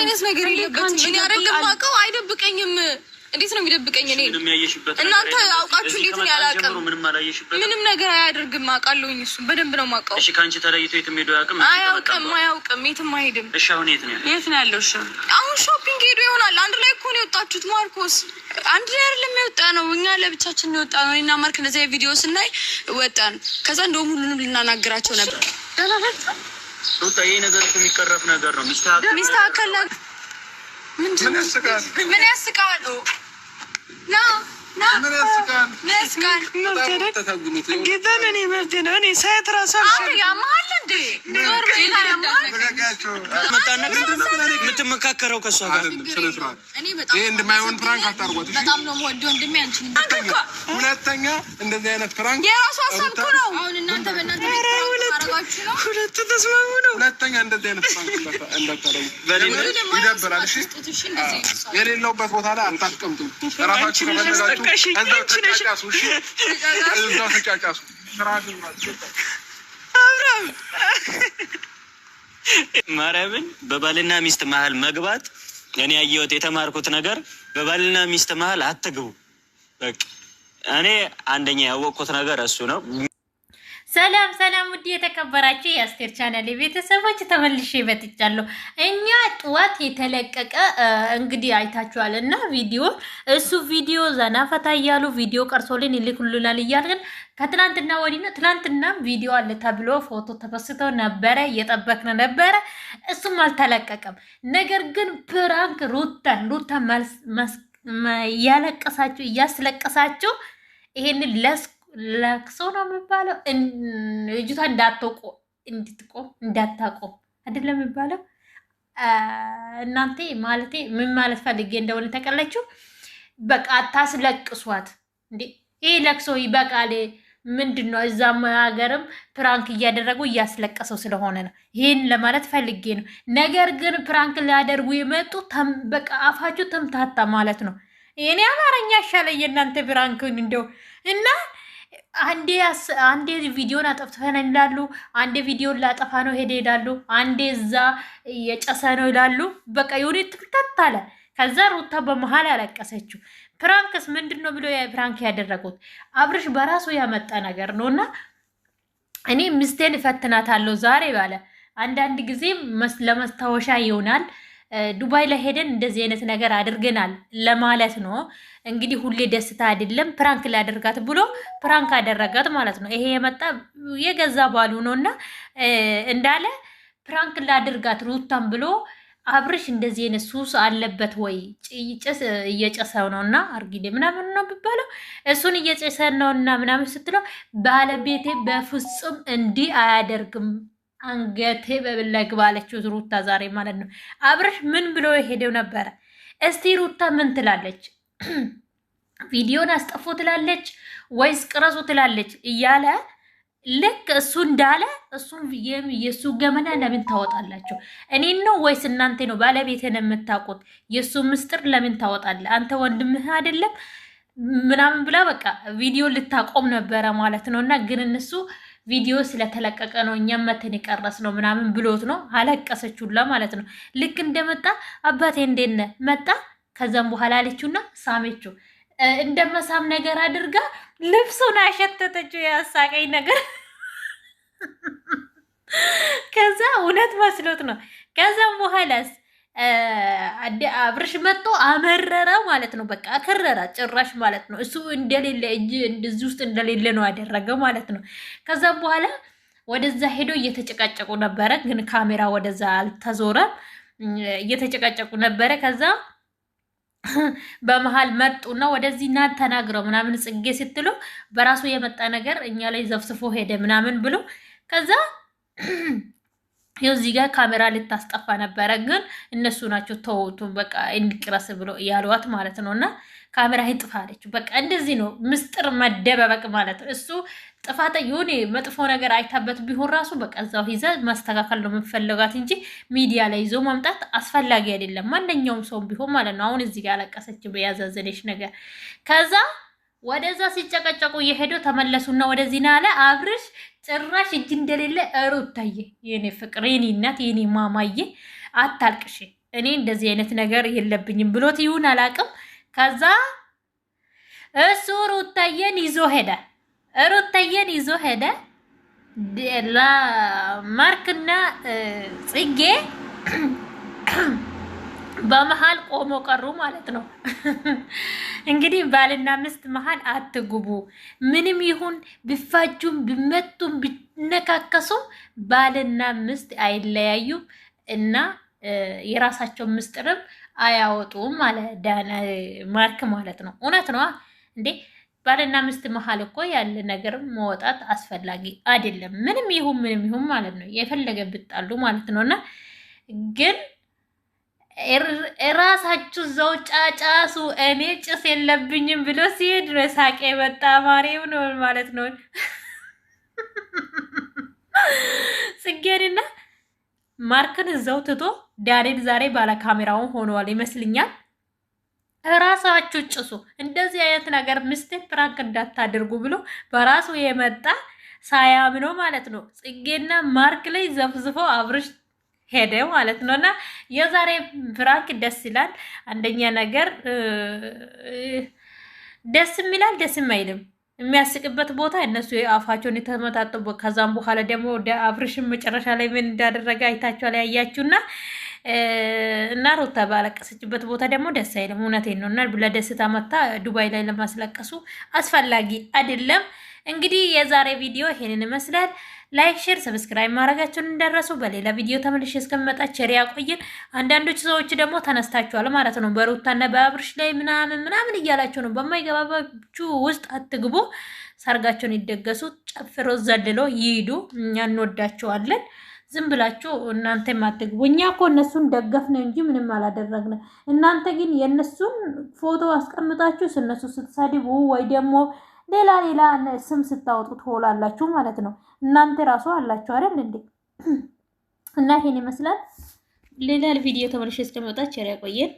አይነት ነገር የለበትም። እኔ አይደለም የማውቀው አይደብቀኝም። እንዴት ነው የሚደብቀኝ? እኔ እናንተ አውቃችሁ እንዴት ነው ያላቀም? ምንም ነገር አያደርግም። አውቃለሁኝ፣ እሱ በደንብ ነው የማውቀው። እሺ፣ ከአንቺ ተለይቶ የትም ሄዶ አያውቅም? አያውቅም፣ አያውቅም፣ የትም አይሄድም። እሺ፣ አሁን የት ነው ያለው? የት ነው ያለው? እሺ፣ አሁን ሾፒንግ ሄዶ ይሆናል። አንድ ላይ እኮ ነው የወጣችሁት ማርኮስ አንድ ላይ አይደለም የወጣ ነው። እኛ ለብቻችን የወጣ ነው። እና ማርክ እንደዚያ ቪዲዮ ስናይ ወጣን። ከዛ እንደውም ሁሉንም ልናናግራቸው ነበር ሩታ ይሄ ነገር እኮ የሚቀረፍ ነገር ነው። ሚስተካከል ነገር ምን ያስቃል? ምን የምትመካከረው ከእሷ ጋር ይሄ እንደማይሆን ፕራንክ አታርጓት። ሁለተኛ እንደዚህ አይነት ፕራንክ የራሱ ሀሳብ ነው። ልትስማሙ ነው? ሁለተኛ እንደዚህ አይነት እንዳታደርጉ ይደብራል። እሺ የሌለውበት ቦታ ላይ አታስቀምጡ። ከፈለጋችሁ እዛው ተጫጫሱ። እዛው ተጫጫሱ። ማርያምን በባልና ሚስት መሀል መግባት እኔ ያየሁት የተማርኩት ነገር በባልና ሚስት መሀል አትግቡ። በቃ እኔ አንደኛ ያወቅኩት ነገር እሱ ነው። ሰላም ሰላም፣ ውድ የተከበራችሁ የአስቴር ቻናል ቤተሰቦች ተመልሼ መጥቻለሁ። እኛ ጥዋት የተለቀቀ እንግዲህ አይታችኋል እና ቪዲዮ እሱ ቪዲዮ ዘና ፈታ እያሉ ቪዲዮ ቀርሶልን ይልክሉናል እያልን ከትናንትና ወዲህ ነው። ትናንትና ቪዲዮ አለ ተብሎ ፎቶ ተፈስተው ነበረ፣ እየጠበቅን ነበረ። እሱም አልተለቀቀም። ነገር ግን ፕራንክ ሩታን ሩታን እያለቀሳችሁ እያስለቀሳችሁ ይሄንን ለስ ለክሶ ነው የሚባለው። ልጅቷ እንዳትቆም እንድትቆም እንዳታቆም አይደለም የሚባለው። እናንተ ማለቴ ምን ማለት ፈልጌ እንደሆነ ተቀለችው። በቃ አታስለቅሷት እንዴ! ይህ ለቅሶ ይበቃል። ምንድን ነው እዛም ሀገርም ፕራንክ እያደረጉ እያስለቀሰው ስለሆነ ነው። ይህን ለማለት ፈልጌ ነው። ነገር ግን ፕራንክ ሊያደርጉ የመጡ በቃ አፋችሁ ተምታታ ማለት ነው። እኔ አማርኛ ይሻለኝ የእናንተ ፕራንክን እንደው እና አንዴ አንዴ ቪዲዮን አጠፍተፈን ይላሉ፣ አንዴ ቪዲዮን ላጠፋ ነው ሄደ ይላሉ፣ አንዴ እዛ የጨሰ ነው ይላሉ። በቃ የሆነ ትክታት አለ። ከዛ ሩታ በመሀል ያለቀሰችው ፕራንክስ ምንድን ነው ብሎ ፕራንክ ያደረጉት አብርሽ በራሱ ያመጣ ነገር ነው። እና እኔ ሚስቴን እፈትናታለሁ ዛሬ ባለ አንዳንድ ጊዜ ለመስታወሻ ይሆናል። ዱባይ ላይ ሄደን እንደዚህ አይነት ነገር አድርገናል ለማለት ነው። እንግዲህ ሁሌ ደስታ አይደለም። ፕራንክ ላደርጋት ብሎ ፕራንክ አደረጋት ማለት ነው። ይሄ የመጣ የገዛ ባሉ ነው እና እንዳለ ፕራንክ ላደርጋት ሩታን ብሎ አብርሽ እንደዚህ አይነት ሱስ አለበት ወይ? ጭስ እየጨሰ ነው እና አርጊዴ ምናምን ነው የሚባለው እሱን እየጨሰ ነው እና ምናምን ስትለው ባለቤቴ በፍጹም እንዲህ አያደርግም አንገቴ በብለግ ባለችው ሩታ ዛሬ ማለት ነው። አብርሽ ምን ብሎ የሄደው ነበረ? እስቲ ሩታ ምን ትላለች? ቪዲዮን አስጠፎ ትላለች ወይስ ቅረጹ ትላለች እያለ ልክ እሱ እንዳለ እሱም የእሱ ገመና ለምን ታወጣላችሁ? እኔን ነው ወይስ እናንተ ነው ባለቤትን የምታውቁት? የእሱ ምስጢር ለምን ታወጣለ? አንተ ወንድምህ አይደለም ምናምን ብላ በቃ ቪዲዮ ልታቆም ነበረ ማለት ነው። እና ግን እነሱ ቪዲዮ ስለተለቀቀ ነው እኛም መተን የቀረስ ነው ምናምን ብሎት ነው አለቀሰችላ ማለት ነው። ልክ እንደመጣ አባቴ እንዴት መጣ። ከዛም በኋላ አለችውና ሳሜችው እንደመሳም ነገር አድርጋ ልብሱን አሸተተችው። ያሳቀኝ ነገር ከዛ እውነት መስሎት ነው። ከዛም በኋላስ አብርሽ መጥቶ አመረረ ማለት ነው። በቃ አከረራ ጭራሽ ማለት ነው። እሱ እንደሌለ እጅ እዚህ ውስጥ እንደሌለ ነው ያደረገ ማለት ነው። ከዛ በኋላ ወደዛ ሄዶ እየተጨቃጨቁ ነበረ፣ ግን ካሜራ ወደዛ አልተዞረም። እየተጨቃጨቁ ነበረ። ከዛ በመሀል መጡና ወደዚህ ና ተናግረው ምናምን ጽጌ ስትሉ በራሱ የመጣ ነገር እኛ ላይ ዘፍስፎ ሄደ ምናምን ብሎ ከዛ ይኸው እዚህ ጋር ካሜራ ልታስጠፋ ነበረ፣ ግን እነሱ ናቸው ተውቱን በቃ እንቅረስ ብሎ ያሏት ማለት ነው። እና ካሜራ ይጥፋ አለችው። በቃ እንደዚህ ነው ምስጢር መደበበቅ ማለት ነው። እሱ ጥፋት የሆነ መጥፎ ነገር አይታበት ቢሆን ራሱ በቃ እዛው ይዘ ማስተካከል ነው የምፈለጋት እንጂ ሚዲያ ላይ ይዞ ማምጣት አስፈላጊ አይደለም። ማንኛውም ሰው ቢሆን ማለት ነው። አሁን እዚህ ጋር አለቀሰች ያዛዘነች ነገር ከዛ ወደዛ ሲጨቀጨቁ እየሄዱ ተመለሱና ወደዚህ ናለ አብርሽ ጭራሽ እጅ እንደሌለ ታየ። የኔ ፍቅር፣ የኔ እናት፣ የኔ ማማዬ አታልቅሽ፣ እኔ እንደዚህ አይነት ነገር የለብኝም ብሎት ይሁን አላቅም። ከዛ እሱ ሩታዬን ይዞ ሄደ። ታየን ይዞ ሄደ። ማርክና ጽጌ በመሀል ቆሞ ቀሩ ማለት ነው። እንግዲህ ባልና ሚስት መሀል አትግቡ። ምንም ይሁን ቢፋጁም ቢመቱም ቢነካከሱም ባልና ሚስት አይለያዩም እና የራሳቸውን ምስጢርም አያወጡም አለ ማርክ ማለት ነው። እውነት ነዋ እንዴ! ባልና ሚስት መሀል እኮ ያለ ነገር መወጣት አስፈላጊ አይደለም። ምንም ይሁን ምንም ይሁን ማለት ነው የፈለገ ብጣሉ ማለት ነው እና ግን እራሳችሁ ዘው ጫጫሱ፣ እኔ ጭስ የለብኝም ብሎ ሲሄድ ሳቄ የመጣ ማሬም ነው ማለት ነው። ጽጌንና ማርክን እዛው ትቶ ዳሬን ዛሬ ባለ ካሜራውን ሆነዋል ይመስልኛል። እራሳችሁ ጭሱ፣ እንደዚህ አይነት ነገር ምስቴ ፕራንክ እንዳታደርጉ ብሎ በራሱ የመጣ ሳያምነው ማለት ነው። ጽጌና ማርክ ላይ ዘፍዝፎ አብርሽ ሄደ ማለት ነው። እና የዛሬ ፍራንክ ደስ ይላል። አንደኛ ነገር ደስ የሚላል ደስም አይልም። የሚያስቅበት ቦታ እነሱ አፋቸውን የተመታጠቡ ከዛም በኋላ ደግሞ አብርሽን መጨረሻ ላይ ምን እንዳደረገ አይታችኋል፣ ያያችሁና እና ሩታ ባለቀሰችበት ቦታ ደግሞ ደስ አይልም። እውነቴን ነው እና ለደስታ መታ ዱባይ ላይ ለማስለቀሱ አስፈላጊ አይደለም። እንግዲህ የዛሬ ቪዲዮ ይሄንን ይመስላል። ላይክ፣ ሼር፣ ሰብስክራይብ ማድረጋችሁን እንደረሱ። በሌላ ቪዲዮ ተመልሼ እስከምመጣ ቸር ያቆየን። አንዳንዶች ሰዎች ደግሞ ተነስታችኋል ማለት ነው በሩታና በአብርሽ ላይ ምናምን ምናምን እያላችሁ ነው። በማይገባባችሁ ውስጥ አትግቡ። ሰርጋቸውን ይደገሱ፣ ጨፍሮ ዘልሎ ይሂዱ። እኛ እንወዳቸዋለን። ዝም ብላችሁ እናንተ የማትግቡ እኛ እኮ እነሱን ደገፍ ነው እንጂ ምንም አላደረግነ። እናንተ ግን የእነሱን ፎቶ አስቀምጣችሁ ስነሱ ስትሰድቡ ወይ ደግሞ ሌላ ሌላ ስም ስታወጡ ትሆላላችሁ ማለት ነው። እናንተ ራሱ አላችሁ አይደል እንዴ? እና ይሄን ይመስላል። ሌላ ቪዲዮ ተመልሼ እስከመጣች ቸር ያቆየን።